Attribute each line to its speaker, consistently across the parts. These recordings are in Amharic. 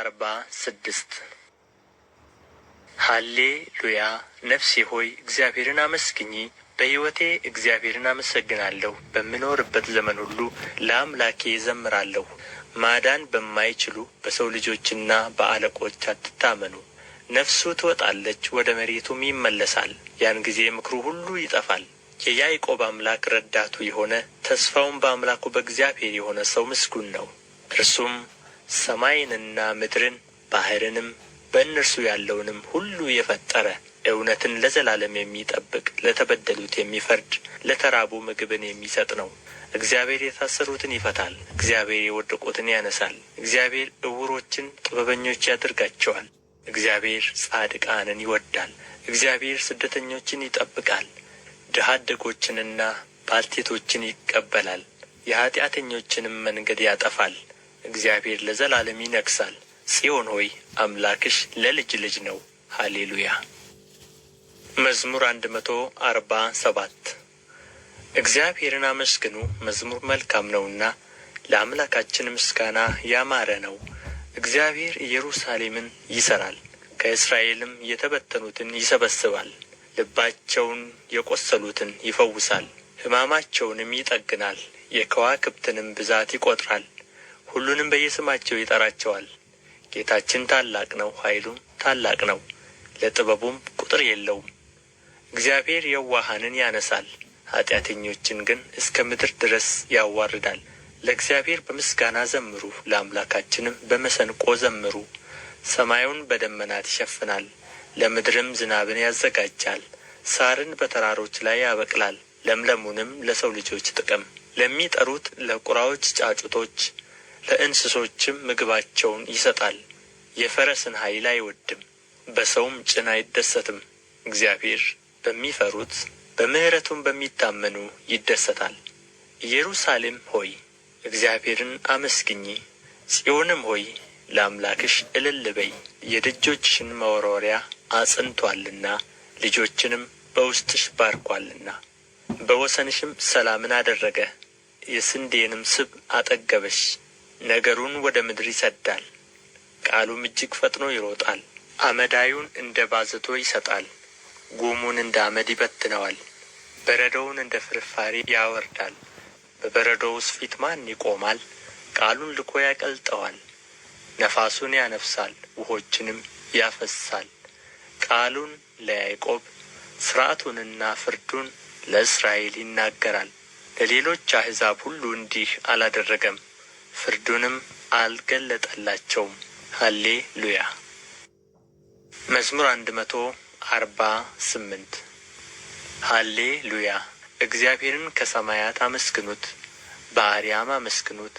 Speaker 1: አርባ ስድስት ሃሌ ሉያ ነፍሴ ሆይ እግዚአብሔርን አመስግኚ። በሕይወቴ እግዚአብሔርን አመሰግናለሁ። በምኖርበት ዘመን ሁሉ ለአምላኬ እዘምራለሁ። ማዳን በማይችሉ በሰው ልጆችና በአለቆች አትታመኑ። ነፍሱ ትወጣለች፣ ወደ መሬቱም ይመለሳል። ያን ጊዜ ምክሩ ሁሉ ይጠፋል። የያዕቆብ አምላክ ረዳቱ የሆነ ተስፋውም በአምላኩ በእግዚአብሔር የሆነ ሰው ምስጉን ነው። እርሱም ሰማይንና ምድርን ባሕርንም በእነርሱ ያለውንም ሁሉ የፈጠረ እውነትን ለዘላለም የሚጠብቅ ለተበደሉት የሚፈርድ ለተራቡ ምግብን የሚሰጥ ነው። እግዚአብሔር የታሰሩትን ይፈታል። እግዚአብሔር የወደቁትን ያነሳል። እግዚአብሔር ዕውሮችን ጥበበኞች ያደርጋቸዋል። እግዚአብሔር ጻድቃንን ይወዳል። እግዚአብሔር ስደተኞችን ይጠብቃል። ድሀ አደጎችንና ባልቴቶችን ይቀበላል። የኀጢአተኞችንም መንገድ ያጠፋል። እግዚአብሔር ለዘላለም ይነግሣል። ጽዮን ሆይ አምላክሽ ለልጅ ልጅ ነው። ሃሌሉያ። መዝሙር አንድ መቶ አርባ ሰባት እግዚአብሔርን አመስግኑ፣ መዝሙር መልካም ነውና፣ ለአምላካችን ምስጋና ያማረ ነው። እግዚአብሔር ኢየሩሳሌምን ይሠራል፣ ከእስራኤልም የተበተኑትን ይሰበስባል። ልባቸውን የቈሰሉትን ይፈውሳል፣ ሕማማቸውንም ይጠግናል፣ የከዋክብትንም ብዛት ይቈጥራል። ሁሉንም በየስማቸው ይጠራቸዋል። ጌታችን ታላቅ ነው፣ ኃይሉም ታላቅ ነው፣ ለጥበቡም ቁጥር የለውም። እግዚአብሔር የዋሃንን ያነሳል፣ ኃጢአተኞችን ግን እስከ ምድር ድረስ ያዋርዳል። ለእግዚአብሔር በምስጋና ዘምሩ፣ ለአምላካችንም በመሰንቆ ዘምሩ። ሰማዩን በደመናት ይሸፍናል፣ ለምድርም ዝናብን ያዘጋጃል፣ ሳርን በተራሮች ላይ ያበቅላል፣ ለምለሙንም ለሰው ልጆች ጥቅም ለሚጠሩት ለቁራዎች ጫጩቶች ለእንስሶችም ምግባቸውን ይሰጣል። የፈረስን ኃይል አይወድም፣ በሰውም ጭን አይደሰትም። እግዚአብሔር በሚፈሩት በምሕረቱም በሚታመኑ ይደሰታል። ኢየሩሳሌም ሆይ እግዚአብሔርን አመስግኚ፣ ጽዮንም ሆይ ለአምላክሽ እልል በይ። የደጆችሽን መወርወሪያ አጽንቶአልና ልጆችንም በውስጥሽ ባርኳልና በወሰንሽም ሰላምን አደረገ፣ የስንዴንም ስብ አጠገበሽ። ነገሩን ወደ ምድር ይሰዳል፣ ቃሉም እጅግ ፈጥኖ ይሮጣል። አመዳዩን እንደ ባዘቶ ይሰጣል፣ ጉሙን እንደ አመድ ይበትነዋል። በረዶውን እንደ ፍርፋሪ ያወርዳል። በበረዶ ውስጥ ፊት ማን ይቆማል? ቃሉን ልኮ ያቀልጠዋል። ነፋሱን ያነፍሳል፣ ውሆችንም ያፈሳል። ቃሉን ለያዕቆብ ሥርዓቱንና ፍርዱን ለእስራኤል ይናገራል። ለሌሎች አሕዛብ ሁሉ እንዲህ አላደረገም። ፍርዱንም አልገለጠላቸውም። ሃሌ ሉያ። መዝሙር አንድ መቶ አርባ ስምንት ሃሌ ሉያ። እግዚአብሔርን ከሰማያት አመስግኑት፣ በአርያም አመስግኑት፣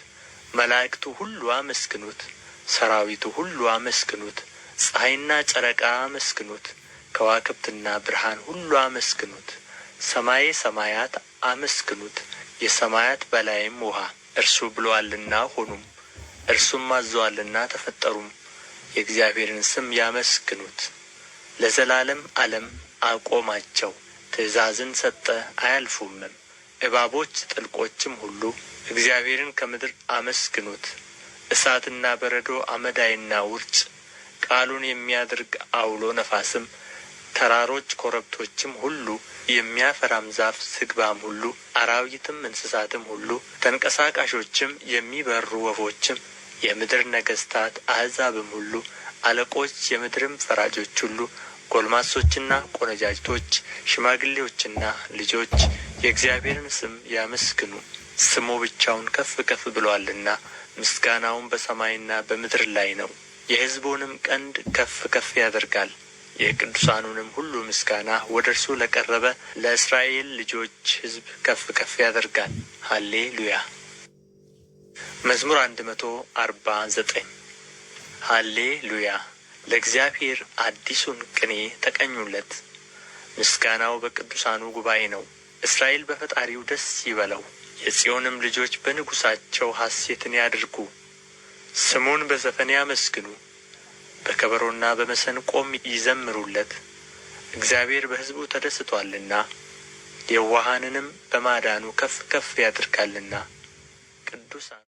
Speaker 1: መላእክቱ ሁሉ አመስግኑት፣ ሰራዊቱ ሁሉ አመስግኑት፣ ፀሐይና ጨረቃ አመስግኑት፣ ከዋክብትና ብርሃን ሁሉ አመስግኑት፣ ሰማየ ሰማያት አመስግኑት፣ የሰማያት በላይም ውሃ እርሱ ብሎአልና ሆኑም፣ እርሱም አዘዋልና ተፈጠሩም። የእግዚአብሔርን ስም ያመስግኑት፣ ለዘላለም ዓለም አቆማቸው። ትእዛዝን ሰጠ አያልፉምም፣ እባቦች ጥልቆችም ሁሉ እግዚአብሔርን ከምድር አመስግኑት። እሳትና በረዶ አመዳይና ውርጭ ቃሉን የሚያደርግ አውሎ ነፋስም ተራሮች ኮረብቶችም ሁሉ የሚያፈራም ዛፍ ዝግባም ሁሉ አራዊትም እንስሳትም ሁሉ ተንቀሳቃሾችም የሚበሩ ወፎችም የምድር ነገሥታት አሕዛብም ሁሉ አለቆች የምድርም ፈራጆች ሁሉ ጎልማሶችና ቆነጃጅቶች ሽማግሌዎችና ልጆች የእግዚአብሔርን ስም ያመስግኑ። ስሙ ብቻውን ከፍ ከፍ ብሎአልና ምስጋናውም በሰማይና በምድር ላይ ነው። የሕዝቡንም ቀንድ ከፍ ከፍ ያደርጋል። የቅዱሳኑንም ሁሉ ምስጋና ወደ እርሱ ለቀረበ ለእስራኤል ልጆች ሕዝብ ከፍ ከፍ ያደርጋል። ሀሌ ሉያ። መዝሙር አንድ መቶ አርባ ዘጠኝ ሃሌ ሉያ። ለእግዚአብሔር አዲሱን ቅኔ ተቀኙለት፣ ምስጋናው በቅዱሳኑ ጉባኤ ነው። እስራኤል በፈጣሪው ደስ ይበለው፣ የጽዮንም ልጆች በንጉሣቸው ሐሴትን ያድርጉ። ስሙን በዘፈን ያመስግኑ። በከበሮና በመሰንቆም ይዘምሩለት። እግዚአብሔር በሕዝቡ ተደስቶአልና የዋሃንንም በማዳኑ ከፍ ከፍ ያደርጋልና ቅዱሳን